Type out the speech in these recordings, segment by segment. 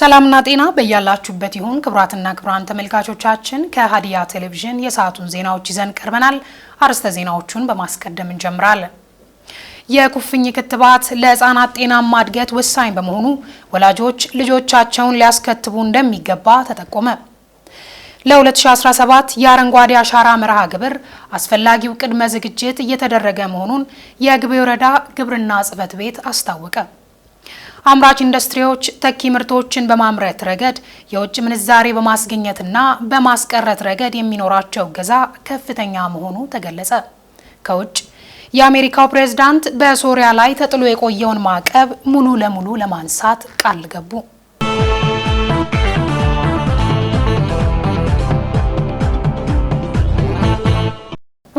ሰላምና ጤና በያላችሁበት ይሁን። ክቡራትና ክቡራን ተመልካቾቻችን ከሀዲያ ቴሌቪዥን የሰዓቱን ዜናዎች ይዘን ቀርበናል። አርዕስተ ዜናዎቹን በማስቀደም እንጀምራለን። የኩፍኝ ክትባት ለህፃናት ጤናማ እድገት ወሳኝ በመሆኑ ወላጆች ልጆቻቸውን ሊያስከትቡ እንደሚገባ ተጠቆመ። ለ2017 የአረንጓዴ አሻራ መርሃ ግብር አስፈላጊው ቅድመ ዝግጅት እየተደረገ መሆኑን የግቤ ወረዳ ግብርና ጽሕፈት ቤት አስታወቀ። አምራች ኢንዱስትሪዎች ተኪ ምርቶችን በማምረት ረገድ የውጭ ምንዛሬ በማስገኘትና በማስቀረት ረገድ የሚኖራቸው እገዛ ከፍተኛ መሆኑ ተገለጸ። ከውጭ የአሜሪካው ፕሬዝዳንት በሶሪያ ላይ ተጥሎ የቆየውን ማዕቀብ ሙሉ ለሙሉ ለማንሳት ቃል ገቡ።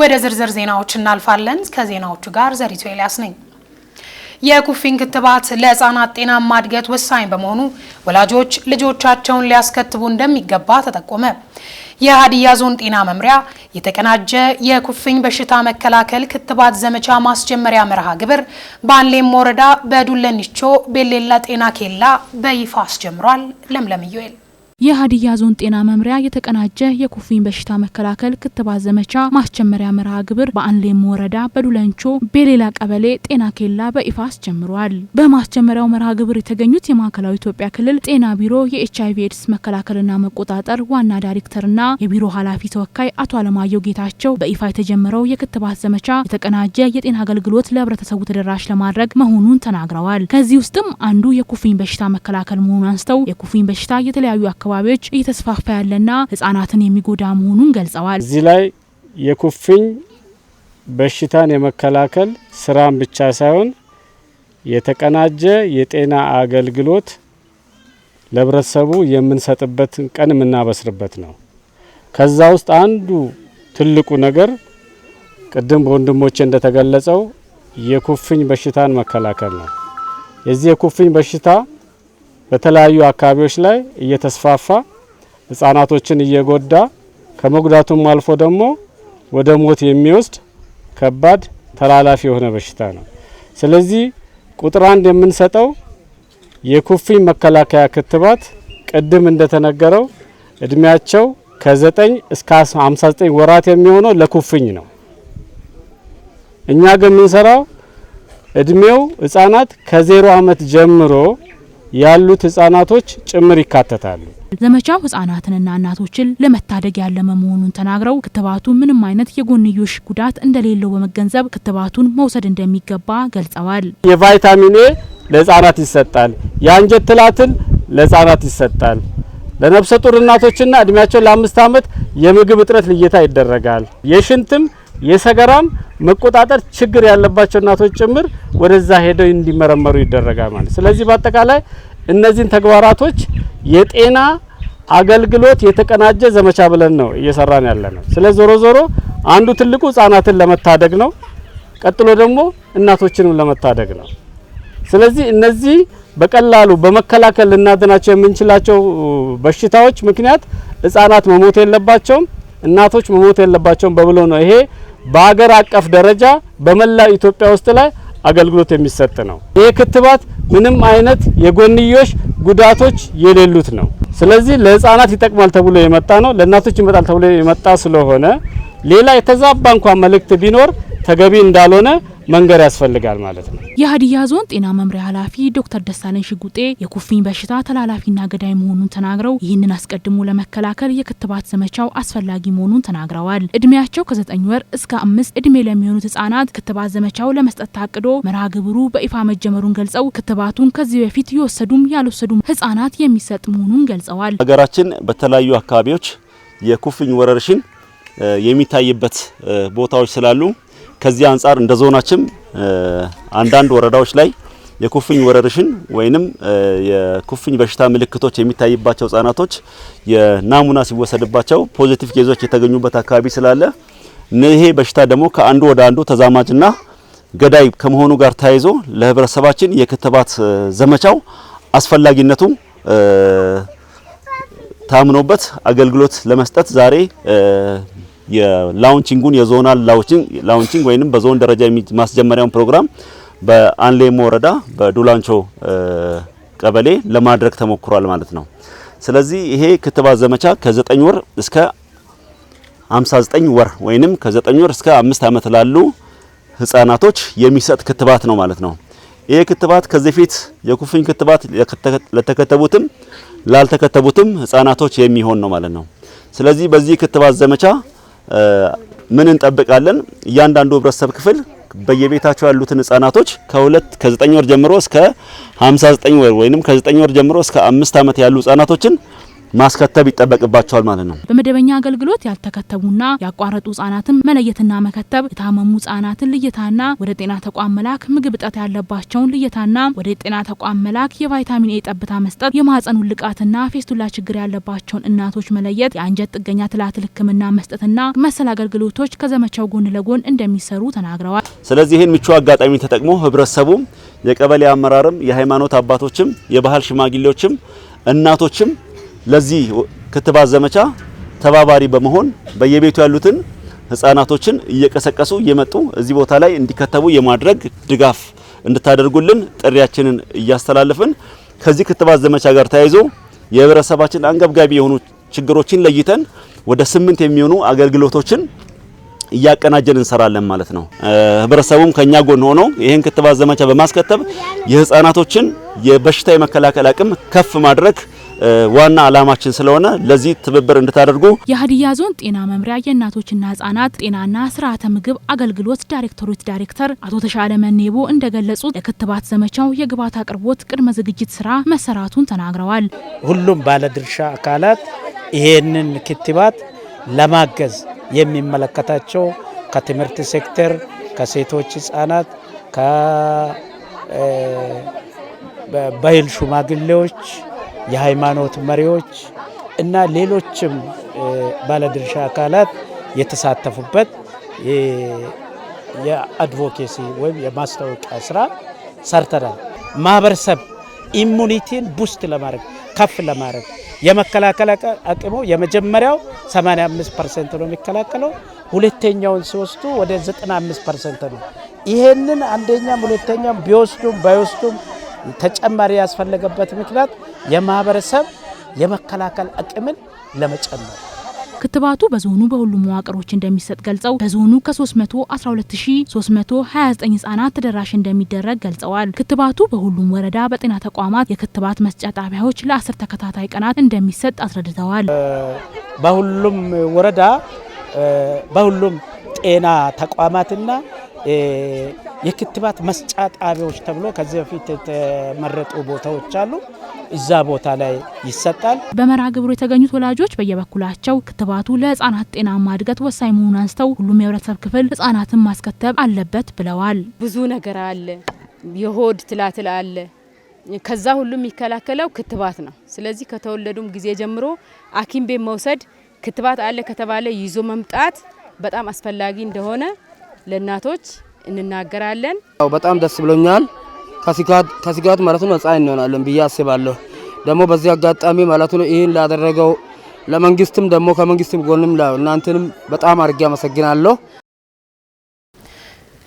ወደ ዝርዝር ዜናዎች እናልፋለን። ከዜናዎቹ ጋር ዘሪቱ ኤልያስ ነኝ። የኩፍኝ ክትባት ለህፃናት ጤናማ እድገት ወሳኝ በመሆኑ ወላጆች ልጆቻቸውን ሊያስከትቡ እንደሚገባ ተጠቆመ። የሀዲያ ዞን ጤና መምሪያ የተቀናጀ የኩፍኝ በሽታ መከላከል ክትባት ዘመቻ ማስጀመሪያ መርሃ ግብር በአንሌም ወረዳ በዱለኒቾ ቤሌላ ጤና ኬላ በይፋ አስጀምሯል። ለምለም ዩኤል የሀዲያ ዞን ጤና መምሪያ የተቀናጀ የኩፍኝ በሽታ መከላከል ክትባት ዘመቻ ማስጀመሪያ መርሃ ግብር በአንሌም ወረዳ በዱለንቾ በሌላ ቀበሌ ጤና ኬላ በይፋ አስጀምሯል። በማስጀመሪያው መርሃ ግብር የተገኙት የማዕከላዊ ኢትዮጵያ ክልል ጤና ቢሮ የኤች ኤድስ መከላከልና መቆጣጠር ዋና ዳይሬክተርና የቢሮ ኃላፊ ተወካይ አቶ አለማየሁ ጌታቸው በይፋ የተጀመረው የክትባት ዘመቻ የተቀናጀ የጤና አገልግሎት ለህብረተሰቡ ተደራሽ ለማድረግ መሆኑን ተናግረዋል። ከዚህ ውስጥም አንዱ የኩፍኝ በሽታ መከላከል መሆኑን አንስተው የኩፍኝ በሽታ የተለያዩ አካባቢ አካባቢዎች እየተስፋፋ ያለና ህጻናትን የሚጎዳ መሆኑን ገልጸዋል። እዚህ ላይ የኩፍኝ በሽታን የመከላከል ስራን ብቻ ሳይሆን የተቀናጀ የጤና አገልግሎት ለህብረተሰቡ የምንሰጥበትን ቀን የምናበስርበት ነው። ከዛ ውስጥ አንዱ ትልቁ ነገር ቅድም በወንድሞቼ እንደተገለጸው የኩፍኝ በሽታን መከላከል ነው። የዚህ የኩፍኝ በሽታ በተለያዩ አካባቢዎች ላይ እየተስፋፋ ህጻናቶችን እየጎዳ ከመጉዳቱም አልፎ ደግሞ ወደ ሞት የሚወስድ ከባድ ተላላፊ የሆነ በሽታ ነው። ስለዚህ ቁጥር አንድ የምንሰጠው የኩፍኝ መከላከያ ክትባት ቅድም እንደተነገረው እድሜያቸው ከ9 እስከ 59 ወራት የሚሆነው ለኩፍኝ ነው። እኛ ግን የምንሰራው እድሜው ህጻናት ከዜሮ አመት ጀምሮ ያሉት ህጻናቶች ጭምር ይካተታሉ። ዘመቻው ህጻናትንና እናቶችን ለመታደግ ያለመ መሆኑን ተናግረው ክትባቱ ምንም አይነት የጎንዮሽ ጉዳት እንደሌለው በመገንዘብ ክትባቱን መውሰድ እንደሚገባ ገልጸዋል። የቫይታሚን ኤ ለህጻናት ይሰጣል። የአንጀት ትላትል ለህጻናት ይሰጣል። ለነፍሰ ጡር እናቶችና እድሜያቸው ለአምስት ዓመት የምግብ እጥረት ልየታ ይደረጋል። የሽንትም የሰገራም መቆጣጠር ችግር ያለባቸው እናቶች ጭምር ወደዛ ሄደው እንዲመረመሩ ይደረጋል ማለት። ስለዚህ በአጠቃላይ እነዚህን ተግባራቶች የጤና አገልግሎት የተቀናጀ ዘመቻ ብለን ነው እየሰራን ያለ ነው። ስለዚህ ዞሮ ዞሮ አንዱ ትልቁ ህጻናትን ለመታደግ ነው። ቀጥሎ ደግሞ እናቶችንም ለመታደግ ነው። ስለዚህ እነዚህ በቀላሉ በመከላከል ልናድናቸው የምንችላቸው በሽታዎች ምክንያት ህጻናት መሞት የለባቸውም፣ እናቶች መሞት የለባቸውም በብሎ ነው ይሄ በሀገር አቀፍ ደረጃ በመላው ኢትዮጵያ ውስጥ ላይ አገልግሎት የሚሰጥ ነው። ይህ ክትባት ምንም አይነት የጎንዮሽ ጉዳቶች የሌሉት ነው። ስለዚህ ለህፃናት ይጠቅማል ተብሎ የመጣ ነው። ለእናቶች ይመጣል ተብሎ የመጣ ስለሆነ ሌላ የተዛባ እንኳን መልእክት ቢኖር ተገቢ እንዳልሆነ መንገድ ያስፈልጋል ማለት ነው። የሀዲያ ዞን ጤና መምሪያ ኃላፊ ዶክተር ደሳለኝ ሽጉጤ የኩፍኝ በሽታ ተላላፊና ገዳይ መሆኑን ተናግረው ይህንን አስቀድሞ ለመከላከል የክትባት ዘመቻው አስፈላጊ መሆኑን ተናግረዋል። እድሜያቸው ከዘጠኝ ወር እስከ አምስት እድሜ ለሚሆኑት ህጻናት ክትባት ዘመቻው ለመስጠት ታቅዶ መርሃ ግብሩ በይፋ መጀመሩን ገልጸው ክትባቱን ከዚህ በፊት የወሰዱም ያልወሰዱም ህጻናት የሚሰጥ መሆኑን ገልጸዋል። ሀገራችን በተለያዩ አካባቢዎች የኩፍኝ ወረርሽኝ የሚታይበት ቦታዎች ስላሉ ከዚህ አንጻር እንደ ዞናችን አንዳንድ ወረዳዎች ላይ የኩፍኝ ወረርሽን ወይንም የኩፍኝ በሽታ ምልክቶች የሚታይባቸው ህጻናቶች የናሙና ሲወሰድባቸው ፖዚቲቭ ኬዞች የተገኙበት አካባቢ ስላለ ይሄ በሽታ ደግሞ ከአንዱ ወደ አንዱ ተዛማጅና ገዳይ ከመሆኑ ጋር ተያይዞ ለህብረተሰባችን የክትባት ዘመቻው አስፈላጊነቱ ታምኖበት አገልግሎት ለመስጠት ዛሬ የላውንቺንጉን የዞናል ላውንቺንግ ወይንም በዞን ደረጃ ማስጀመሪያውን ፕሮግራም በአንሌሞ ወረዳ በዱላንቾ ቀበሌ ለማድረግ ተሞክሯል ማለት ነው። ስለዚህ ይሄ ክትባት ዘመቻ ከ9 ወር እስከ 59 ወር ወይንም ከ9 ወር እስከ 5 ዓመት ላሉ ህጻናቶች የሚሰጥ ክትባት ነው ማለት ነው። ይሄ ክትባት ከዚህ ፊት የኩፍኝ ክትባት ለተከተቡትም ላልተከተቡትም ህጻናቶች የሚሆን ነው ማለት ነው። ስለዚህ በዚህ ክትባት ዘመቻ ምን እንጠብቃለን? እያንዳንዱ ህብረተሰብ ክፍል በየቤታቸው ያሉትን ህጻናቶች ከሁለት ከዘጠኝ ወር ጀምሮ እስከ 59 ወር ወይንም ከዘጠኝ ወር ጀምሮ እስከ አምስት ዓመት ያሉ ህጻናቶችን ማስከተብ ይጠበቅባቸዋል ማለት ነው። በመደበኛ አገልግሎት ያልተከተቡና ያቋረጡ ህጻናትን መለየትና መከተብ፣ የታመሙ ህጻናትን ልየታና ወደ ጤና ተቋም መላክ፣ ምግብ እጠት ያለባቸውን ልየታና ወደ ጤና ተቋም መላክ፣ የቫይታሚን ኤ ጠብታ መስጠት፣ የማህፀን ውልቃትና ፌስቱላ ችግር ያለባቸውን እናቶች መለየት፣ የአንጀት ጥገኛ ትላትል ህክምና መስጠትና መሰል አገልግሎቶች ከዘመቻው ጎን ለጎን እንደሚሰሩ ተናግረዋል። ስለዚህ ይህን ምቹ አጋጣሚ ተጠቅሞ ህብረተሰቡም የቀበሌ አመራርም የሃይማኖት አባቶችም የባህል ሽማግሌዎችም እናቶችም ለዚህ ክትባት ዘመቻ ተባባሪ በመሆን በየቤቱ ያሉትን ህጻናቶችን እየቀሰቀሱ እየመጡ እዚህ ቦታ ላይ እንዲከተቡ የማድረግ ድጋፍ እንድታደርጉልን ጥሪያችንን እያስተላለፍን ከዚህ ክትባት ዘመቻ ጋር ተያይዞ የህብረተሰባችን አንገብጋቢ የሆኑ ችግሮችን ለይተን ወደ ስምንት የሚሆኑ አገልግሎቶችን እያቀናጀን እንሰራለን ማለት ነው። ህብረተሰቡም ከኛ ጎን ሆኖ ይህን ክትባት ዘመቻ በማስከተብ የህፃናቶችን የበሽታ የመከላከል አቅም ከፍ ማድረግ ዋና ዓላማችን ስለሆነ ለዚህ ትብብር እንድታደርጉ የሀዲያ ዞን ጤና መምሪያ የእናቶችና ህጻናት ጤናና ስርዓተ ምግብ አገልግሎት ዳይሬክተሮች ዳይሬክተር አቶ ተሻለ መኔቦ እንደገለጹት ለክትባት ዘመቻው የግብዓት አቅርቦት ቅድመ ዝግጅት ስራ መሰራቱን ተናግረዋል። ሁሉም ባለድርሻ አካላት ይሄንን ክትባት ለማገዝ የሚመለከታቸው ከትምህርት ሴክተር፣ ከሴቶች ህጻናት፣ ከባህል ሽማግሌዎች የሃይማኖት መሪዎች እና ሌሎችም ባለድርሻ አካላት የተሳተፉበት የአድቮኬሲ ወይም የማስታወቂያ ስራ ሰርተናል። ማህበረሰብ ኢሙኒቲን ቡስት ለማድረግ ከፍ ለማድረግ የመከላከል አቅሙ የመጀመሪያው 85 ፐርሰንት ነው የሚከላከለው። ሁለተኛውን ሲወስዱ ወደ 95 ፐርሰንት ነው። ይሄንን አንደኛም ሁለተኛም ቢወስዱም ባይወስዱም ተጨማሪ ያስፈለገበት ምክንያት የማህበረሰብ የመከላከል አቅምን ለመጨመር ክትባቱ በዞኑ በሁሉም መዋቅሮች እንደሚሰጥ ገልጸው በዞኑ ከ312329 ህጻናት ተደራሽ እንደሚደረግ ገልጸዋል። ክትባቱ በሁሉም ወረዳ በጤና ተቋማት የክትባት መስጫ ጣቢያዎች ለአስር ተከታታይ ቀናት እንደሚሰጥ አስረድተዋል። በሁሉም ወረዳ በሁሉም ጤና ተቋማትና የክትባት መስጫ ጣቢያዎች ተብሎ ከዚህ በፊት የተመረጡ ቦታዎች አሉ። እዛ ቦታ ላይ ይሰጣል። በመርሃ ግብሩ የተገኙት ወላጆች በየበኩላቸው ክትባቱ ለህጻናት ጤናማ እድገት ወሳኝ መሆኑን አንስተው ሁሉም የህብረተሰብ ክፍል ህጻናትን ማስከተብ አለበት ብለዋል። ብዙ ነገር አለ፣ የሆድ ትላትል አለ። ከዛ ሁሉም የሚከላከለው ክትባት ነው። ስለዚህ ከተወለዱም ጊዜ ጀምሮ ሐኪም ቤት መውሰድ ክትባት አለ ከተባለ ይዞ መምጣት በጣም አስፈላጊ እንደሆነ ለእናቶች እንናገራለን። በጣም ደስ ብሎኛል። ከስጋት ማለት ነው ነፃ እንሆናለን ብዬ አስባለሁ። ደግሞ በዚህ አጋጣሚ ማለት ነው ይህን ላደረገው ለመንግስትም ደግሞ ከመንግስትም ጎንም እናንተንም በጣም አድርጌ አመሰግናለሁ።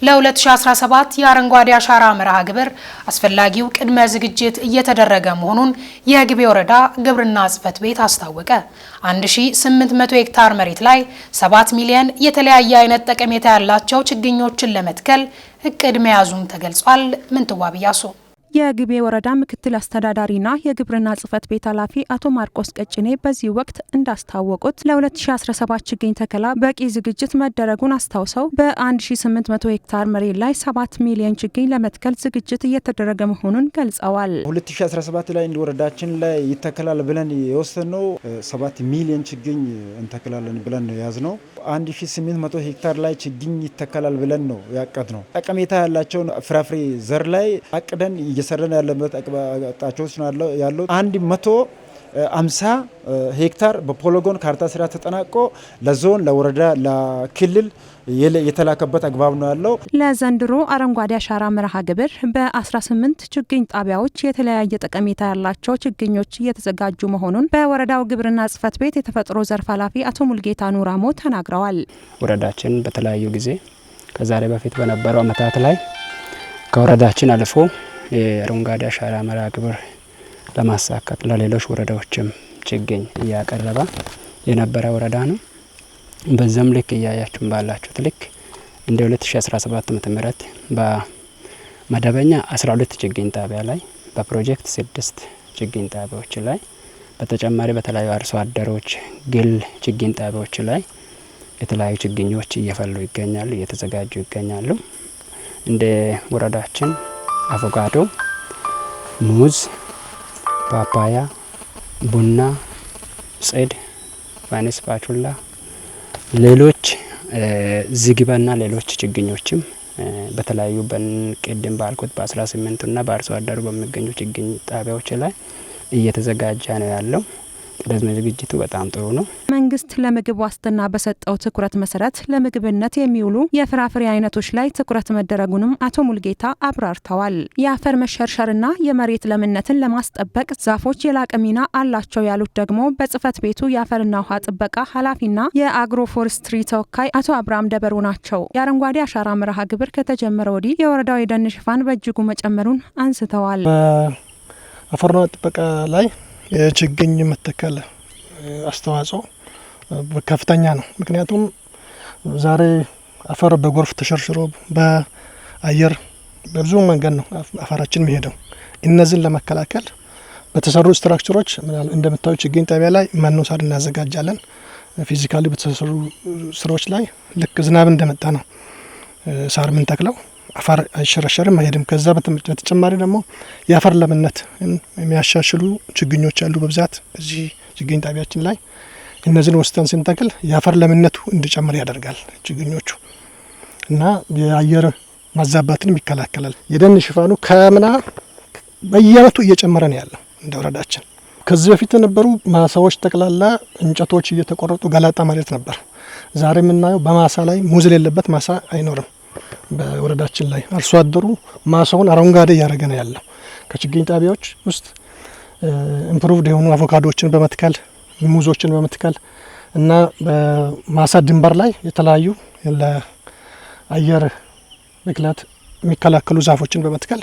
ለ2017 የአረንጓዴ አሻራ መርሃ ግብር አስፈላጊው ቅድመ ዝግጅት እየተደረገ መሆኑን የግቤ ወረዳ ግብርና ጽሕፈት ቤት አስታወቀ። 1800 ሄክታር መሬት ላይ 7 ሚሊዮን የተለያየ አይነት ጠቀሜታ ያላቸው ችግኞችን ለመትከል እቅድ መያዙም ተገልጿል። ምንትዋብ ያሱ የግቤ ወረዳ ምክትል አስተዳዳሪና የግብርና ጽህፈት ቤት ኃላፊ አቶ ማርቆስ ቀጭኔ በዚህ ወቅት እንዳስታወቁት ለ2017 ችግኝ ተከላ በቂ ዝግጅት መደረጉን አስታውሰው በ1800 ሄክታር መሬት ላይ 7 ሚሊዮን ችግኝ ለመትከል ዝግጅት እየተደረገ መሆኑን ገልጸዋል። 2017 ላይ ወረዳችን ላይ ይተከላል ብለን የወሰነው 7 ሚሊዮን ችግኝ እንተክላለን ብለን ነው አንድ መቶ ሄክታር ላይ ችግኝ ይተከላል ብለን ነው ያቀድ ነው። ጠቀሜታ ያላቸውን ፍራፍሬ ዘር ላይ አቅደን እየሰረን ያለበት አቅጣጫዎች ያለው አንድ መቶ አምሳ ሄክታር በፖሎጎን ካርታ ስራ ተጠናቆ ለዞን ለወረዳ ለክልል የተላከበት አግባብ ነው ያለው። ለዘንድሮ አረንጓዴ አሻራ መርሃ ግብር በ18 ችግኝ ጣቢያዎች የተለያየ ጠቀሜታ ያላቸው ችግኞች እየተዘጋጁ መሆኑን በወረዳው ግብርና ጽሕፈት ቤት የተፈጥሮ ዘርፍ ኃላፊ አቶ ሙልጌታ ኑራሞ ተናግረዋል። ወረዳችን በተለያዩ ጊዜ ከዛሬ በፊት በነበረው ዓመታት ላይ ከወረዳችን አልፎ የአረንጓዴ አሻራ መርሃ ግብር ለማሳካት ለሌሎች ወረዳዎችም ችግኝ እያቀረበ የነበረ ወረዳ ነው። በዛም ልክ እያያችሁን ባላችሁት ልክ እንደ 2017 ዓ ም በመደበኛ 12 ችግኝ ጣቢያ ላይ በፕሮጀክት ስድስት ችግኝ ጣቢያዎች ላይ በተጨማሪ በተለያዩ አርሶ አደሮች ግል ችግኝ ጣቢያዎች ላይ የተለያዩ ችግኞች እየፈሉ ይገኛሉ፣ እየተዘጋጁ ይገኛሉ። እንደ ወረዳችን አቮካዶ፣ ሙዝ፣ ፓፓያ፣ ቡና፣ ጽድ፣ ፓይናፕል፣ ፓቹላ ሌሎች ዝግባና ሌሎች ችግኞችም በተለያዩ በቅድም ባልኩት በአስራ ስምንቱ ና በአርሶ አደሩ በሚገኙ ችግኝ ጣቢያዎች ላይ እየተዘጋጀ ነው ያለው። ቅድመ ዝግጅቱ በጣም ጥሩ ነው። መንግስት ለምግብ ዋስትና በሰጠው ትኩረት መሰረት ለምግብነት የሚውሉ የፍራፍሬ አይነቶች ላይ ትኩረት መደረጉንም አቶ ሙልጌታ አብራርተዋል። የአፈር መሸርሸርና የመሬት ለምነትን ለማስጠበቅ ዛፎች የላቀ ሚና አላቸው ያሉት ደግሞ በጽህፈት ቤቱ የአፈርና ውሃ ጥበቃ ኃላፊና የአግሮ ፎረስትሪ ተወካይ አቶ አብርሃም ደበሩ ናቸው። የአረንጓዴ አሻራ መርሃ ግብር ከተጀመረ ወዲህ የወረዳው የደን ሽፋን በእጅጉ መጨመሩን አንስተዋል። አፈርና ጥበቃ ላይ የችግኝ መተከል አስተዋጽኦ ከፍተኛ ነው። ምክንያቱም ዛሬ አፈር በጎርፍ ተሸርሽሮ በአየር በብዙ መንገድ ነው አፈራችን የሚሄደው። እነዚህን ለመከላከል በተሰሩ ስትራክቸሮች እንደምታዩ ችግኝ ጣቢያ ላይ መኖ ሳር እናዘጋጃለን። ፊዚካሊ በተሰሩ ስራዎች ላይ ልክ ዝናብ እንደመጣ ነው ሳር ምንተክለው። አፈር አይሸረሸርም አይሄድም። ከዛ በተጨማሪ ደግሞ የአፈር ለምነት የሚያሻሽሉ ችግኞች አሉ በብዛት እዚህ ችግኝ ጣቢያችን ላይ። እነዚህን ወስተን ስንተክል የአፈር ለምነቱ እንዲጨምር ያደርጋል ችግኞቹ እና የአየር ማዛባትንም ይከላከላል። የደን ሽፋኑ ከምና በየአመቱ እየጨመረ ነው ያለው እንደ ወረዳችን። ከዚህ በፊት የነበሩ ማሳዎች ጠቅላላ እንጨቶች እየተቆረጡ ገላጣ መሬት ነበር። ዛሬ የምናየው በማሳ ላይ ሙዝ የሌለበት ማሳ አይኖርም። በወረዳችን ላይ አርሶ አደሩ ማሳውን አረንጓዴ እያደረገ ነው ያለው። ከችግኝ ጣቢያዎች ውስጥ ኢምፕሩቭድ የሆኑ አቮካዶዎችን በመትከል ሙዞችን በመትከል እና በማሳ ድንበር ላይ የተለያዩ ለአየር ብክለት የሚከላከሉ ዛፎችን በመትከል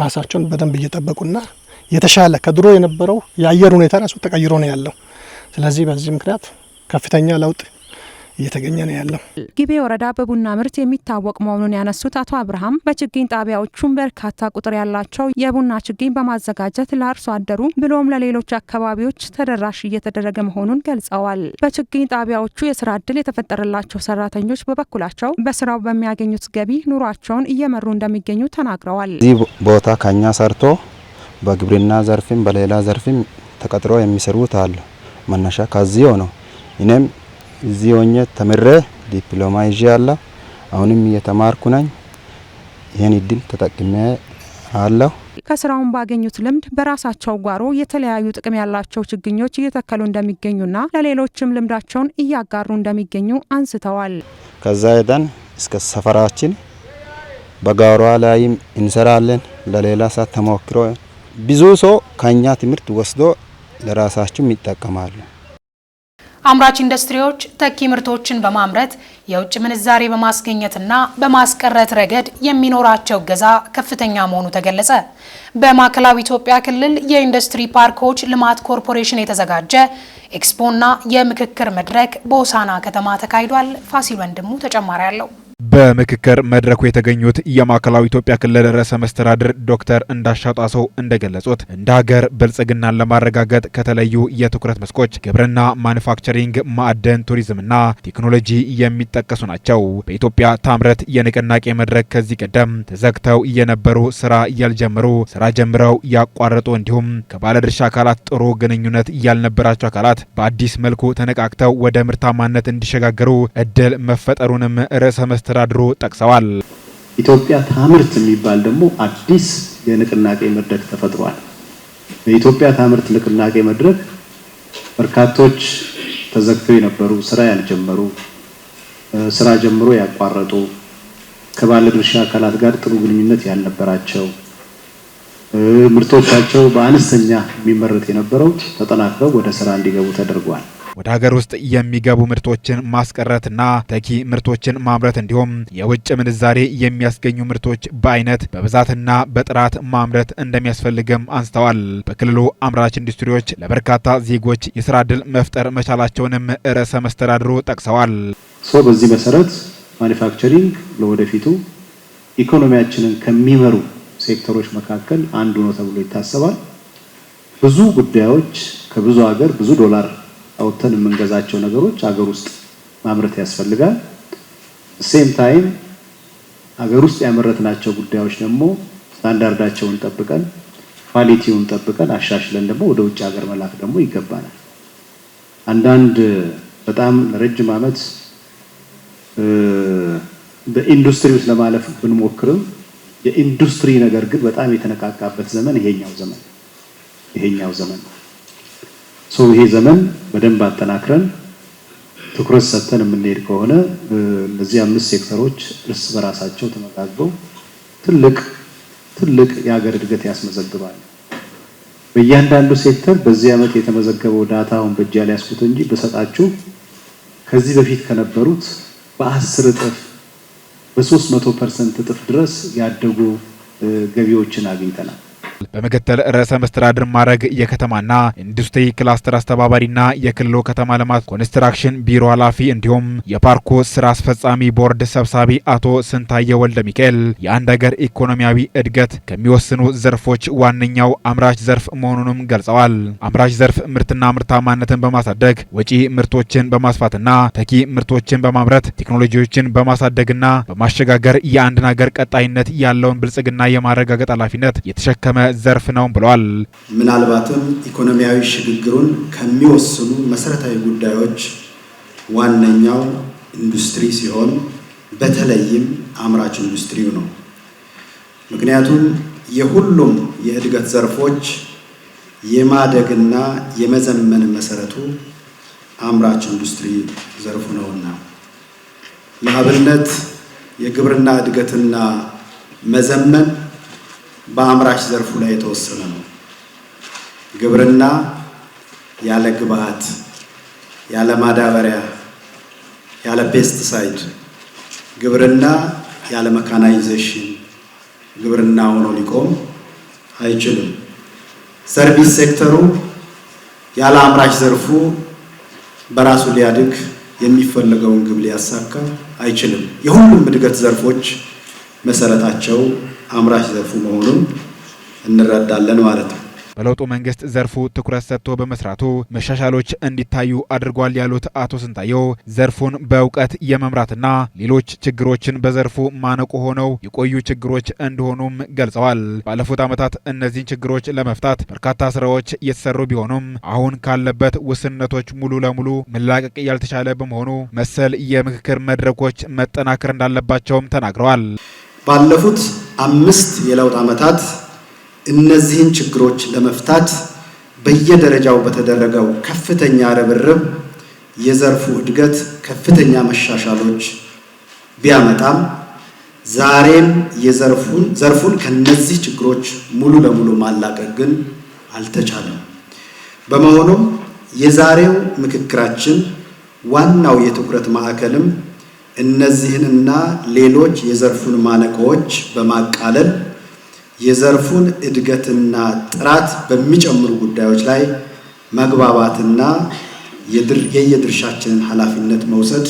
ማሳቸውን በደንብ እየጠበቁና የተሻለ ከድሮ የነበረው የአየር ሁኔታ ራሱ ተቀይሮ ነው ያለው። ስለዚህ በዚህ ምክንያት ከፍተኛ ለውጥ እየተገኘ ነው ያለው። ጊቤ ወረዳ በቡና ምርት የሚታወቅ መሆኑን ያነሱት አቶ አብርሃም በችግኝ ጣቢያዎቹም በርካታ ቁጥር ያላቸው የቡና ችግኝ በማዘጋጀት ለአርሶ አደሩ ብሎም ለሌሎች አካባቢዎች ተደራሽ እየተደረገ መሆኑን ገልጸዋል። በችግኝ ጣቢያዎቹ የስራ እድል የተፈጠረላቸው ሰራተኞች በበኩላቸው በስራው በሚያገኙት ገቢ ኑሯቸውን እየመሩ እንደሚገኙ ተናግረዋል። እዚህ ቦታ ከኛ ሰርቶ በግብርና ዘርፍም በሌላ ዘርፍም ተቀጥሮ የሚሰሩት አሉ። መነሻ ከዚሁ ነው። እኔም እዚህ ሆኜ ተምሬ ዲፕሎማ ይዤ ያለሁ አሁንም እየተማርኩ ነኝ። ይህን እድል ተጠቅሜ አለሁ። ከስራውን ባገኙት ልምድ በራሳቸው ጓሮ የተለያዩ ጥቅም ያላቸው ችግኞች እየተከሉ እንደሚገኙና ለሌሎችም ልምዳቸውን እያጋሩ እንደሚገኙ አንስተዋል። ከዛ ሄደን እስከ ሰፈራችን በጓሯ ላይም እንሰራለን። ለሌላ ሰዓት ተሞክሮ ብዙ ሰው ከኛ ትምህርት ወስዶ ለራሳቸው ይጠቀማሉ። አምራች ኢንዱስትሪዎች ተኪ ምርቶችን በማምረት የውጭ ምንዛሬ በማስገኘትና በማስቀረት ረገድ የሚኖራቸው እገዛ ከፍተኛ መሆኑ ተገለጸ። በማዕከላዊ ኢትዮጵያ ክልል የኢንዱስትሪ ፓርኮች ልማት ኮርፖሬሽን የተዘጋጀ ኤክስፖና የምክክር መድረክ በሆሳዕና ከተማ ተካሂዷል። ፋሲል ወንድሙ ተጨማሪ አለው። በምክክር መድረኩ የተገኙት የማዕከላዊ ኢትዮጵያ ክልል ርዕሰ መስተዳድር ዶክተር እንዳሻው ጣሰው እንደገለጹት እንደ ሀገር ብልጽግናን ለማረጋገጥ ከተለዩ የትኩረት መስኮች ግብርና፣ ማኑፋክቸሪንግ፣ ማዕድን፣ ቱሪዝምና ቴክኖሎጂ የሚጠቀሱ ናቸው። በኢትዮጵያ ታምረት የንቅናቄ መድረክ ከዚህ ቀደም ተዘግተው የነበሩ ስራ ያልጀመሩ፣ ስራ ጀምረው ያቋረጡ እንዲሁም ከባለድርሻ አካላት ጥሩ ግንኙነት ያልነበራቸው አካላት በአዲስ መልኩ ተነቃቅተው ወደ ምርታማነት እንዲሸጋገሩ እድል መፈጠሩንም ርዕሰ አስተዳድሮ ጠቅሰዋል። ኢትዮጵያ ታምርት የሚባል ደግሞ አዲስ የንቅናቄ መድረክ ተፈጥሯል። የኢትዮጵያ ታምርት ንቅናቄ መድረክ በርካቶች ተዘግተው የነበሩ ስራ ያልጀመሩ፣ ስራ ጀምሮ ያቋረጡ፣ ከባለድርሻ አካላት ጋር ጥሩ ግንኙነት ያልነበራቸው ምርቶቻቸው በአነስተኛ የሚመረት የነበረው ተጠናክረው ወደ ስራ እንዲገቡ ተደርጓል። ወደ ሀገር ውስጥ የሚገቡ ምርቶችን ማስቀረትና ተኪ ምርቶችን ማምረት እንዲሁም የውጭ ምንዛሬ የሚያስገኙ ምርቶች በአይነት በብዛትና በጥራት ማምረት እንደሚያስፈልግም አንስተዋል። በክልሉ አምራች ኢንዱስትሪዎች ለበርካታ ዜጎች የስራ እድል መፍጠር መቻላቸውንም ርዕሰ መስተዳድሩ ጠቅሰዋል። ሰው በዚህ መሰረት ማኒፋክቸሪንግ ለወደፊቱ ኢኮኖሚያችንን ከሚመሩ ሴክተሮች መካከል አንዱ ነው ተብሎ ይታሰባል። ብዙ ጉዳዮች ከብዙ ሀገር ብዙ ዶላር አውጥተን የምንገዛቸው ነገሮች ሀገር ውስጥ ማምረት ያስፈልጋል። ሴም ታይም ሀገር ውስጥ ያመረትናቸው ጉዳዮች ደግሞ ስታንዳርዳቸውን ጠብቀን ኳሊቲውን ጠብቀን አሻሽለን ደግሞ ወደ ውጭ ሀገር መላክ ደግሞ ይገባናል። አንዳንድ በጣም ረጅም ዓመት በኢንዱስትሪ ውስጥ ለማለፍ ብንሞክርም የኢንዱስትሪ ነገር ግን በጣም የተነቃቃበት ዘመን ይሄኛው ዘመን ይሄኛው ዘመን ነው። ሰው ይሄ ዘመን በደንብ አጠናክረን ትኩረት ሰጥተን የምንሄድ ከሆነ እነዚህ አምስት ሴክተሮች እርስ በራሳቸው ተመጋግበው ትልቅ ትልቅ የሀገር እድገት ያስመዘግባል። በእያንዳንዱ ሴክተር በዚህ ዓመት የተመዘገበው ዳታ አሁን በእጅ ያልያዝኩት እንጂ በሰጣችሁ ከዚህ በፊት ከነበሩት በአስር እጥፍ በሶስት መቶ ፐርሰንት እጥፍ ድረስ ያደጉ ገቢዎችን አግኝተናል። በመቀጠል ርዕሰ መስተዳድር ማድረግ የከተማና ኢንዱስትሪ ክላስተር አስተባባሪና የክልሉ ከተማ ልማት ኮንስትራክሽን ቢሮ ኃላፊ እንዲሁም የፓርኩ ስራ አስፈጻሚ ቦርድ ሰብሳቢ አቶ ስንታየ ወልደ ሚካኤል የአንድ ሀገር ኢኮኖሚያዊ እድገት ከሚወስኑ ዘርፎች ዋነኛው አምራች ዘርፍ መሆኑንም ገልጸዋል። አምራች ዘርፍ ምርትና ምርታማነትን በማሳደግ ወጪ ምርቶችን በማስፋትና ተኪ ምርቶችን በማምረት ቴክኖሎጂዎችን በማሳደግና በማሸጋገር የአንድን ሀገር ቀጣይነት ያለውን ብልጽግና የማረጋገጥ ኃላፊነት የተሸከመ ዘርፍ ነው ብለዋል። ምናልባትም ኢኮኖሚያዊ ሽግግሩን ከሚወስኑ መሰረታዊ ጉዳዮች ዋነኛው ኢንዱስትሪ ሲሆን በተለይም አምራች ኢንዱስትሪው ነው። ምክንያቱም የሁሉም የእድገት ዘርፎች የማደግና የመዘመን መሰረቱ አምራች ኢንዱስትሪ ዘርፉ ነውና ለአብነት የግብርና እድገትና መዘመን በአምራች ዘርፉ ላይ የተወሰነ ነው። ግብርና ያለ ግብአት፣ ያለ ማዳበሪያ፣ ያለ ፔስቲሳይድ፣ ግብርና ያለ መካናይዜሽን ግብርና ሆኖ ሊቆም አይችልም። ሰርቪስ ሴክተሩ ያለ አምራች ዘርፉ በራሱ ሊያድግ የሚፈለገውን ግብ ሊያሳካ አይችልም። የሁሉም እድገት ዘርፎች መሰረታቸው አምራች ዘርፉ መሆኑን እንረዳለን ማለት ነው። በለውጡ መንግስት ዘርፉ ትኩረት ሰጥቶ በመስራቱ መሻሻሎች እንዲታዩ አድርጓል ያሉት አቶ ስንታየው ዘርፉን በእውቀት የመምራትና ሌሎች ችግሮችን በዘርፉ ማነቆ ሆነው የቆዩ ችግሮች እንደሆኑም ገልጸዋል። ባለፉት ዓመታት እነዚህን ችግሮች ለመፍታት በርካታ ስራዎች እየተሰሩ ቢሆኑም አሁን ካለበት ውስንነቶች ሙሉ ለሙሉ መላቀቅ ያልተቻለ በመሆኑ መሰል የምክክር መድረኮች መጠናከር እንዳለባቸውም ተናግረዋል። ባለፉት አምስት የለውጥ ዓመታት እነዚህን ችግሮች ለመፍታት በየደረጃው በተደረገው ከፍተኛ ርብርብ የዘርፉ እድገት ከፍተኛ መሻሻሎች ቢያመጣም ዛሬም ዘርፉን ከነዚህ ችግሮች ሙሉ ለሙሉ ማላቀቅ ግን አልተቻለም። በመሆኑም የዛሬው ምክክራችን ዋናው የትኩረት ማዕከልም እነዚህንና ሌሎች የዘርፉን ማነቆዎች በማቃለል የዘርፉን እድገትና ጥራት በሚጨምሩ ጉዳዮች ላይ መግባባትና የየድርሻችንን ኃላፊነት መውሰድ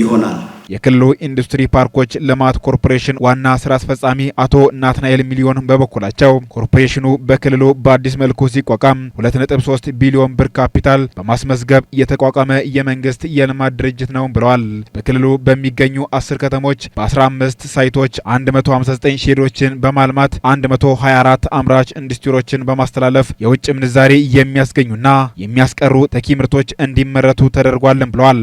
ይሆናል። የክልሉ ኢንዱስትሪ ፓርኮች ልማት ኮርፖሬሽን ዋና ስራ አስፈጻሚ አቶ ናትናኤል ሚሊዮን በበኩላቸው ኮርፖሬሽኑ በክልሉ በአዲስ መልኩ ሲቋቋም 2.3 ቢሊዮን ብር ካፒታል በማስመዝገብ የተቋቋመ የመንግስት የልማት ድርጅት ነው ብለዋል። በክልሉ በሚገኙ አስር ከተሞች በ15 ሳይቶች 159 ሼዶችን በማልማት 124 አምራች ኢንዱስትሪዎችን በማስተላለፍ የውጭ ምንዛሬ የሚያስገኙና የሚያስቀሩ ተኪ ምርቶች እንዲመረቱ ተደርጓልን ብለዋል።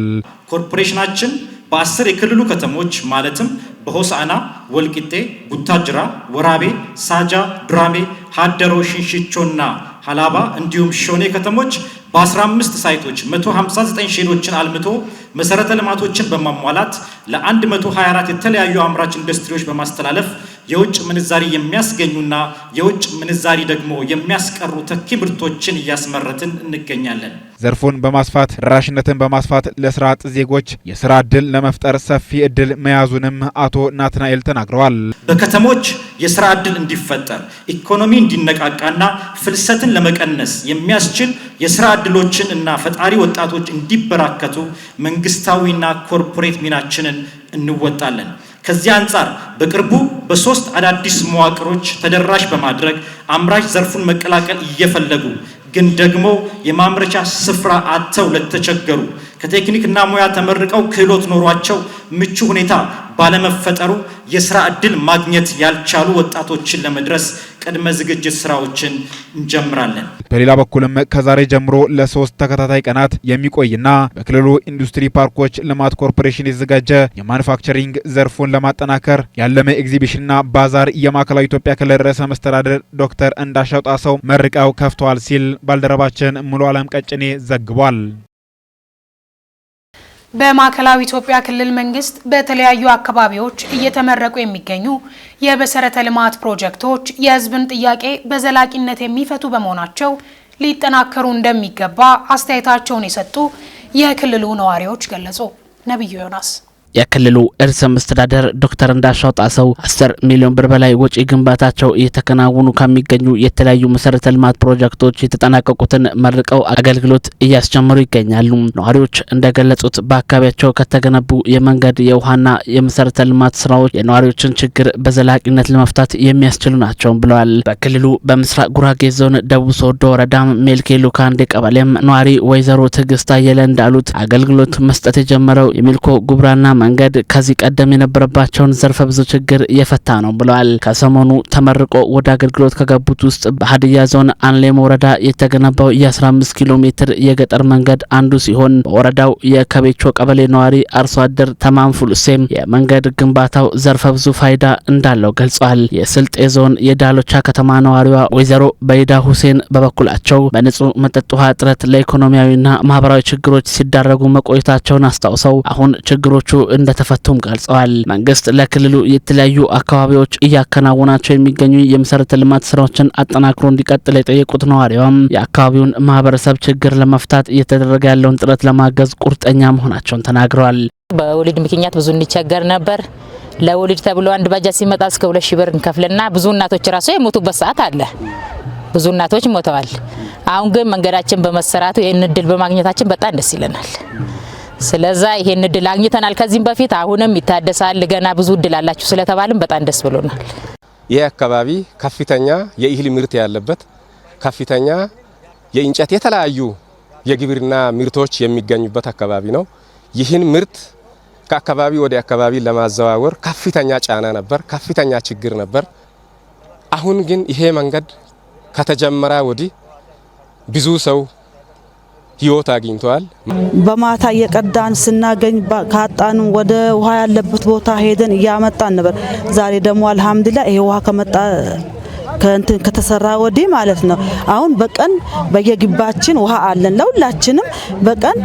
ኮርፖሬሽናችን በአስር የክልሉ ከተሞች ማለትም በሆሳዕና፣ ወልቂጤ፣ ቡታጅራ፣ ወራቤ፣ ሳጃ፣ ዱራሜ፣ ሀደሮ፣ ሽንሽቾና ሀላባ እንዲሁም ሾኔ ከተሞች በ15 ሳይቶች 159 ሼዶችን አልምቶ መሰረተ ልማቶችን በማሟላት ለ124 የተለያዩ አምራች ኢንዱስትሪዎች በማስተላለፍ የውጭ ምንዛሪ የሚያስገኙና የውጭ ምንዛሪ ደግሞ የሚያስቀሩ ተኪ ምርቶችን እያስመረትን እንገኛለን። ዘርፉን በማስፋት ተደራሽነትን በማስፋት ለስራ አጥ ዜጎች የስራ እድል ለመፍጠር ሰፊ እድል መያዙንም አቶ ናትናኤል ተናግረዋል። በከተሞች የስራ እድል እንዲፈጠር ኢኮኖሚ እንዲነቃቃና ፍልሰትን ለመቀነስ የሚያስችል የስራ እድሎችን እና ፈጣሪ ወጣቶች እንዲበራከቱ መንግስታዊና ኮርፖሬት ሚናችንን እንወጣለን። ከዚህ አንጻር በቅርቡ በሶስት አዳዲስ መዋቅሮች ተደራሽ በማድረግ አምራች ዘርፉን መቀላቀል እየፈለጉ ግን ደግሞ የማምረቻ ስፍራ አጥተው ለተቸገሩ ከቴክኒክና ሙያ ተመርቀው ክህሎት ኖሯቸው ምቹ ሁኔታ ባለመፈጠሩ የስራ እድል ማግኘት ያልቻሉ ወጣቶችን ለመድረስ ቅድመ ዝግጅት ስራዎችን እንጀምራለን። በሌላ በኩልም ከዛሬ ጀምሮ ለሶስት ተከታታይ ቀናት የሚቆይና በክልሉ ኢንዱስትሪ ፓርኮች ልማት ኮርፖሬሽን የተዘጋጀ የማኑፋክቸሪንግ ዘርፉን ለማጠናከር ያለመ ኤግዚቢሽንና ባዛር የማዕከላዊ ኢትዮጵያ ክልል ርዕሰ መስተዳድር ዶክተር እንዳሻው ጣሰው መርቀው ከፍተዋል ሲል ባልደረባችን ሙሉ አለም ቀጭኔ ዘግቧል። በማዕከላዊ ኢትዮጵያ ክልል መንግስት በተለያዩ አካባቢዎች እየተመረቁ የሚገኙ የመሰረተ ልማት ፕሮጀክቶች የህዝብን ጥያቄ በዘላቂነት የሚፈቱ በመሆናቸው ሊጠናከሩ እንደሚገባ አስተያየታቸውን የሰጡ የክልሉ ነዋሪዎች ገለጹ። ነቢዩ ዮናስ የክልሉ እርሰ መስተዳደር ዶክተር እንዳሻው ጣሰው አስር ሚሊዮን ብር በላይ ወጪ ግንባታቸው እየተከናወኑ ከሚገኙ የተለያዩ መሰረተ ልማት ፕሮጀክቶች የተጠናቀቁትን መርቀው አገልግሎት እያስጀመሩ ይገኛሉ። ነዋሪዎች እንደገለጹት በአካባቢያቸው ከተገነቡ የመንገድ የውሃና የመሰረተ ልማት ስራዎች የነዋሪዎችን ችግር በዘላቂነት ለመፍታት የሚያስችሉ ናቸው ብለዋል። በክልሉ በምስራቅ ጉራጌ ዞን ደቡብ ሶዶ ወረዳም ሜልኬ ሉካንዴ ቀበሌም ነዋሪ ወይዘሮ ትዕግስት አየለ እንዳሉት አገልግሎት መስጠት የጀመረው የሚልኮ ጉብራና መንገድ ከዚህ ቀደም የነበረባቸውን ዘርፈ ብዙ ችግር የፈታ ነው ብለዋል። ከሰሞኑ ተመርቆ ወደ አገልግሎት ከገቡት ውስጥ በሀዲያ ዞን አንሌም ወረዳ የተገነባው የ15 ኪሎ ሜትር የገጠር መንገድ አንዱ ሲሆን በወረዳው የከቤቾ ቀበሌ ነዋሪ አርሶ አደር ተማንፉል ፉሉሴም የመንገድ ግንባታው ዘርፈ ብዙ ፋይዳ እንዳለው ገልጿል። የስልጤ ዞን የዳሎቻ ከተማ ነዋሪዋ ወይዘሮ በይዳ ሁሴን በበኩላቸው በንጹህ መጠጥ ውሃ እጥረት ለኢኮኖሚያዊና ማህበራዊ ችግሮች ሲዳረጉ መቆየታቸውን አስታውሰው አሁን ችግሮቹ እንደተፈቱም ገልጸዋል። መንግስት ለክልሉ የተለያዩ አካባቢዎች እያከናወናቸው የሚገኙ የመሰረተ ልማት ስራዎችን አጠናክሮ እንዲቀጥል የጠየቁት ነዋሪዋም የአካባቢውን ማህበረሰብ ችግር ለመፍታት እየተደረገ ያለውን ጥረት ለማገዝ ቁርጠኛ መሆናቸውን ተናግረዋል። በወሊድ ምክንያት ብዙ እንቸገር ነበር። ለወሊድ ተብሎ አንድ ባጃጅ ሲመጣ እስከ ሁለት ሺህ ብር እንከፍልና ብዙ እናቶች ራሱ የሞቱበት ሰዓት አለ። ብዙ እናቶች ሞተዋል። አሁን ግን መንገዳችን በመሰራቱ ይህን እድል በማግኘታችን በጣም ደስ ይለናል። ስለዛ ይሄን እድል አግኝተናል። ከዚህም በፊት አሁንም ይታደሳል፣ ገና ብዙ እድል አላችሁ ስለተባልም በጣም ደስ ብሎናል። ይህ አካባቢ ከፍተኛ የእህል ምርት ያለበት ከፍተኛ የእንጨት የተለያዩ የግብርና ምርቶች የሚገኙበት አካባቢ ነው። ይህን ምርት ከአካባቢ ወደ አካባቢ ለማዘዋወር ከፍተኛ ጫና ነበር፣ ከፍተኛ ችግር ነበር። አሁን ግን ይሄ መንገድ ከተጀመረ ወዲህ ብዙ ሰው ህይወት አግኝተዋል። በማታ እየቀዳን ስናገኝ ካጣን ወደ ውሃ ያለበት ቦታ ሄደን እያመጣን ነበር። ዛሬ ደግሞ አልሐምዱላ ይሄ ውሃ ከመጣ ከእንትን ከተሰራ ወዲህ ማለት ነው። አሁን በቀን በየግባችን ውሃ አለን ለሁላችንም በቀን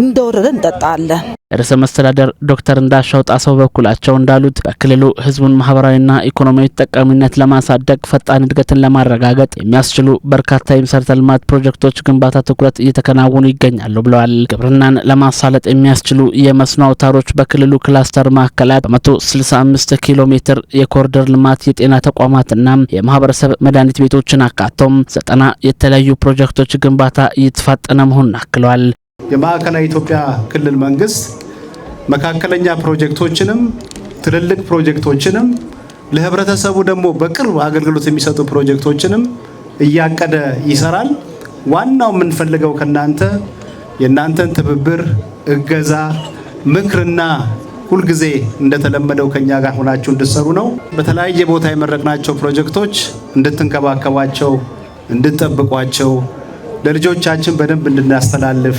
እንደወረደ እንጠጣለን። ርዕሰ መስተዳደር ዶክተር እንዳሻው ጣሰው በኩላቸው እንዳሉት በክልሉ ህዝቡን ማህበራዊና ኢኮኖሚያዊ ተጠቃሚነት ለማሳደግ ፈጣን እድገትን ለማረጋገጥ የሚያስችሉ በርካታ የመሰረተ ልማት ፕሮጀክቶች ግንባታ ትኩረት እየተከናወኑ ይገኛሉ ብለዋል። ግብርናን ለማሳለጥ የሚያስችሉ የመስኖ አውታሮች በክልሉ ክላስተር ማዕከላት በ 65 ኪሎ ሜትር የኮሪደር ልማት የጤና ተቋማትና የማህበረሰብ መድኃኒት ቤቶችን አካተውም ዘጠና የተለያዩ ፕሮጀክቶች ግንባታ እየተፋጠነ መሆኑን አክለዋል። የማዕከላዊ ኢትዮጵያ ክልል መንግስት መካከለኛ ፕሮጀክቶችንም ትልልቅ ፕሮጀክቶችንም ለህብረተሰቡ ደግሞ በቅርብ አገልግሎት የሚሰጡ ፕሮጀክቶችንም እያቀደ ይሰራል። ዋናው የምንፈልገው ከናንተ የእናንተን ትብብር፣ እገዛ፣ ምክርና ሁልጊዜ እንደተለመደው ከኛ ጋር ሆናችሁ እንድትሰሩ ነው። በተለያየ ቦታ የመረቅናቸው ፕሮጀክቶች እንድትንከባከቧቸው፣ እንድትጠብቋቸው፣ ለልጆቻችን በደንብ እንድናስተላልፍ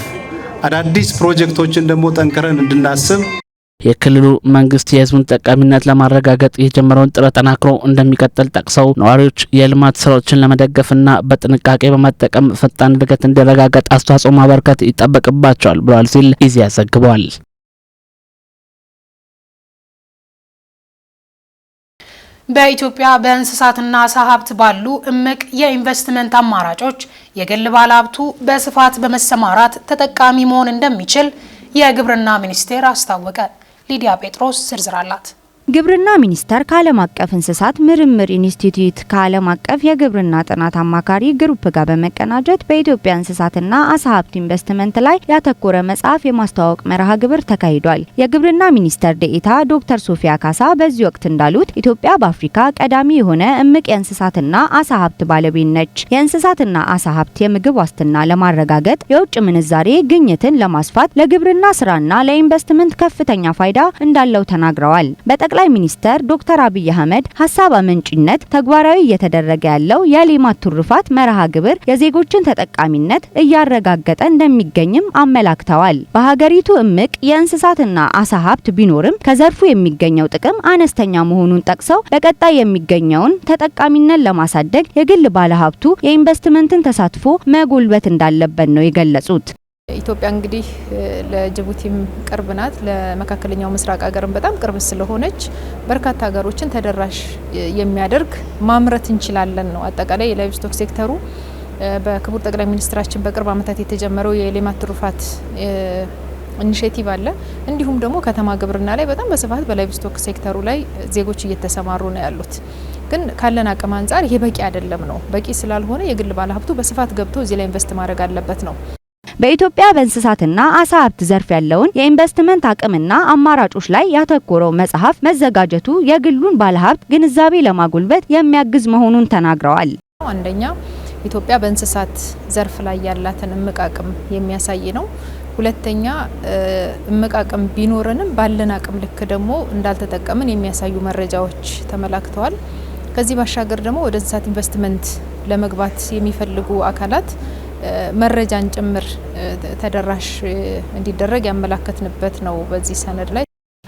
አዳዲስ ፕሮጀክቶችን ደግሞ ጠንክረን እንድናስብ የክልሉ መንግስት የህዝቡን ጠቃሚነት ለማረጋገጥ የጀመረውን ጥረት ጠናክሮ እንደሚቀጥል ጠቅሰው ነዋሪዎች የልማት ስራዎችን ለመደገፍና በጥንቃቄ በመጠቀም ፈጣን እድገት እንዲረጋገጥ አስተዋጽኦ ማበርከት ይጠበቅባቸዋል ብለዋል ሲል ኢዜአ ዘግቧል። በኢትዮጵያ በእንስሳትና ዓሳ ሀብት ባሉ እምቅ የኢንቨስትመንት አማራጮች የግል ባለሀብቱ በስፋት በመሰማራት ተጠቃሚ መሆን እንደሚችል የግብርና ሚኒስቴር አስታወቀ። ሊዲያ ጴጥሮስ ዝርዝር አላት። ግብርና ሚኒስቴር ከዓለም አቀፍ እንስሳት ምርምር ኢንስቲትዩት ከዓለም አቀፍ የግብርና ጥናት አማካሪ ግሩፕ ጋር በመቀናጀት በኢትዮጵያ እንስሳትና አሳ ሀብት ኢንቨስትመንት ላይ ያተኮረ መጽሐፍ የማስተዋወቅ መርሃ ግብር ተካሂዷል። የግብርና ሚኒስቴር ዴኤታ ዶክተር ሶፊያ ካሳ በዚህ ወቅት እንዳሉት ኢትዮጵያ በአፍሪካ ቀዳሚ የሆነ እምቅ የእንስሳትና አሳ ሀብት ባለቤት ነች። የእንስሳትና አሳ ሀብት የምግብ ዋስትና ለማረጋገጥ፣ የውጭ ምንዛሬ ግኝትን ለማስፋት፣ ለግብርና ስራና ለኢንቨስትመንት ከፍተኛ ፋይዳ እንዳለው ተናግረዋል። ጠቅላይ ሚኒስተር ዶክተር አብይ አህመድ ሀሳብ አመንጭነት ተግባራዊ እየተደረገ ያለው የሌማት ትሩፋት መርሃ ግብር የዜጎችን ተጠቃሚነት እያረጋገጠ እንደሚገኝም አመላክተዋል። በሀገሪቱ እምቅ የእንስሳትና አሳ ሀብት ቢኖርም ከዘርፉ የሚገኘው ጥቅም አነስተኛ መሆኑን ጠቅሰው በቀጣይ የሚገኘውን ተጠቃሚነት ለማሳደግ የግል ባለሀብቱ የኢንቨስትመንትን ተሳትፎ መጎልበት እንዳለበት ነው የገለጹት። ኢትዮጵያ እንግዲህ ለጅቡቲም ቅርብ ናት። ለመካከለኛው ምስራቅ ሀገርም በጣም ቅርብ ስለሆነች በርካታ ሀገሮችን ተደራሽ የሚያደርግ ማምረት እንችላለን ነው አጠቃላይ የላይቭስቶክ ሴክተሩ። በክቡር ጠቅላይ ሚኒስትራችን በቅርብ ዓመታት የተጀመረው የሌማት ትሩፋት ኢኒሽቲቭ አለ። እንዲሁም ደግሞ ከተማ ግብርና ላይ በጣም በስፋት በላይቭስቶክ ሴክተሩ ላይ ዜጎች እየተሰማሩ ነው ያሉት። ግን ካለን አቅም አንጻር ይሄ በቂ አይደለም ነው። በቂ ስላልሆነ የግል ባለሀብቱ በስፋት ገብቶ እዚህ ላይ ኢንቨስት ማድረግ አለበት ነው። በኢትዮጵያ በእንስሳትና አሳ ሀብት ዘርፍ ያለውን የኢንቨስትመንት አቅምና አማራጮች ላይ ያተኮረው መጽሐፍ መዘጋጀቱ የግሉን ባለሀብት ግንዛቤ ለማጎልበት የሚያግዝ መሆኑን ተናግረዋል። አንደኛ ኢትዮጵያ በእንስሳት ዘርፍ ላይ ያላትን እምቅ አቅም የሚያሳይ ነው። ሁለተኛ እምቅ አቅም ቢኖረንም ባለን አቅም ልክ ደግሞ እንዳልተጠቀምን የሚያሳዩ መረጃዎች ተመላክተዋል። ከዚህ ባሻገር ደግሞ ወደ እንስሳት ኢንቨስትመንት ለመግባት የሚፈልጉ አካላት መረጃን ጭምር ተደራሽ እንዲደረግ ያመላከትንበት ነው በዚህ ሰነድ ላይ።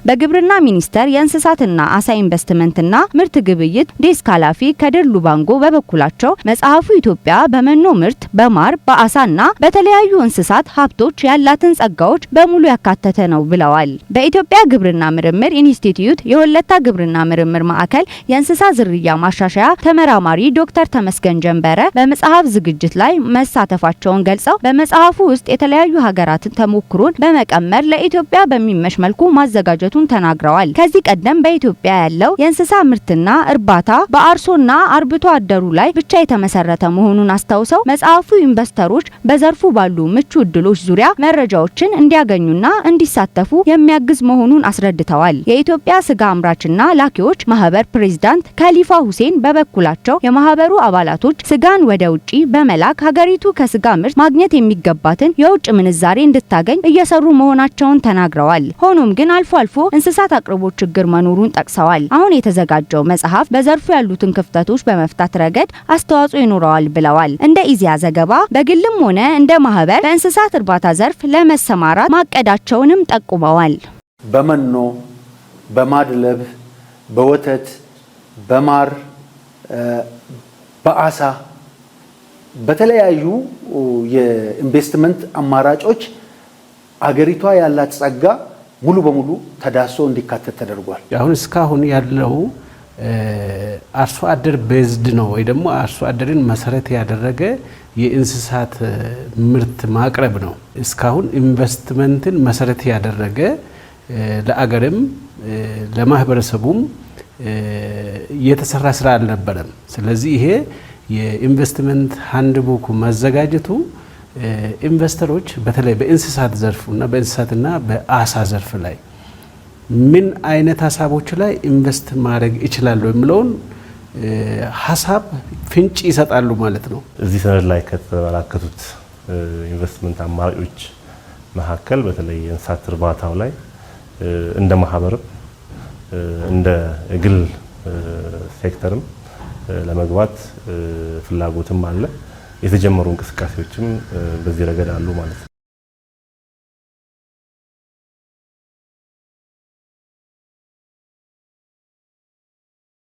በግብርና ሚኒስቴር የእንስሳትና አሳ ኢንቨስትመንትና ምርት ግብይት ዴስክ ኃላፊ ከድር ሉባንጎ በበኩላቸው መጽሐፉ ኢትዮጵያ በመኖ ምርት፣ በማር፣ በአሳና በተለያዩ እንስሳት ሀብቶች ያላትን ጸጋዎች በሙሉ ያካተተ ነው ብለዋል። በኢትዮጵያ ግብርና ምርምር ኢንስቲትዩት የወለታ ግብርና ምርምር ማዕከል የእንስሳ ዝርያ ማሻሻያ ተመራማሪ ዶክተር ተመስገን ጀንበረ በመጽሐፍ ዝግጅት ላይ መሳተፋቸውን ገልጸው በመጽሐፉ ውስጥ የተለያዩ ሀገራትን ተሞክሮን በመቀመር ለኢትዮጵያ በሚመች መልኩ ማዘጋጀቱ መስራቱን ተናግረዋል። ከዚህ ቀደም በኢትዮጵያ ያለው የእንስሳ ምርትና እርባታ በአርሶና አርብቶ አደሩ ላይ ብቻ የተመሰረተ መሆኑን አስታውሰው መጽሐፉ ኢንቨስተሮች በዘርፉ ባሉ ምቹ እድሎች ዙሪያ መረጃዎችን እንዲያገኙና እንዲሳተፉ የሚያግዝ መሆኑን አስረድተዋል። የኢትዮጵያ ስጋ አምራችና ላኪዎች ማህበር ፕሬዝዳንት ከሊፋ ሁሴን በበኩላቸው የማህበሩ አባላቶች ስጋን ወደ ውጪ በመላክ ሀገሪቱ ከስጋ ምርት ማግኘት የሚገባትን የውጭ ምንዛሬ እንድታገኝ እየሰሩ መሆናቸውን ተናግረዋል። ሆኖም ግን አልፎ አልፎ እንስሳት አቅርቦት ችግር መኖሩን ጠቅሰዋል። አሁን የተዘጋጀው መጽሐፍ በዘርፉ ያሉትን ክፍተቶች በመፍታት ረገድ አስተዋጽኦ ይኖረዋል ብለዋል። እንደ ኢዚያ ዘገባ በግልም ሆነ እንደ ማህበር በእንስሳት እርባታ ዘርፍ ለመሰማራት ማቀዳቸውንም ጠቁመዋል። በመኖ፣ በማድለብ፣ በወተት፣ በማር፣ በአሳ በተለያዩ የኢንቨስትመንት አማራጮች አገሪቷ ያላት ጸጋ ሙሉ በሙሉ ተዳሶ እንዲካተት ተደርጓል። አሁን እስካሁን ያለው አርሶ አደር ቤዝድ ነው ወይ ደግሞ አርሶ አደርን መሰረት ያደረገ የእንስሳት ምርት ማቅረብ ነው። እስካሁን ኢንቨስትመንትን መሰረት ያደረገ ለአገርም ለማህበረሰቡም የተሰራ ስራ አልነበረም። ስለዚህ ይሄ የኢንቨስትመንት ሀንድቡክ መዘጋጀቱ ኢንቨስተሮች በተለይ በእንስሳት ዘርፉ እና በእንስሳትና በአሳ ዘርፍ ላይ ምን አይነት ሀሳቦች ላይ ኢንቨስት ማድረግ ይችላሉ የሚለውን ሀሳብ ፍንጭ ይሰጣሉ ማለት ነው። እዚህ ሰነድ ላይ ከተመላከቱት ኢንቨስትመንት አማራጮች መካከል በተለይ የእንስሳት እርባታው ላይ እንደ ማህበርም እንደ ግል ሴክተርም ለመግባት ፍላጎትም አለ። የተጀመሩ እንቅስቃሴዎችም በዚህ ረገድ አሉ ማለት ነው።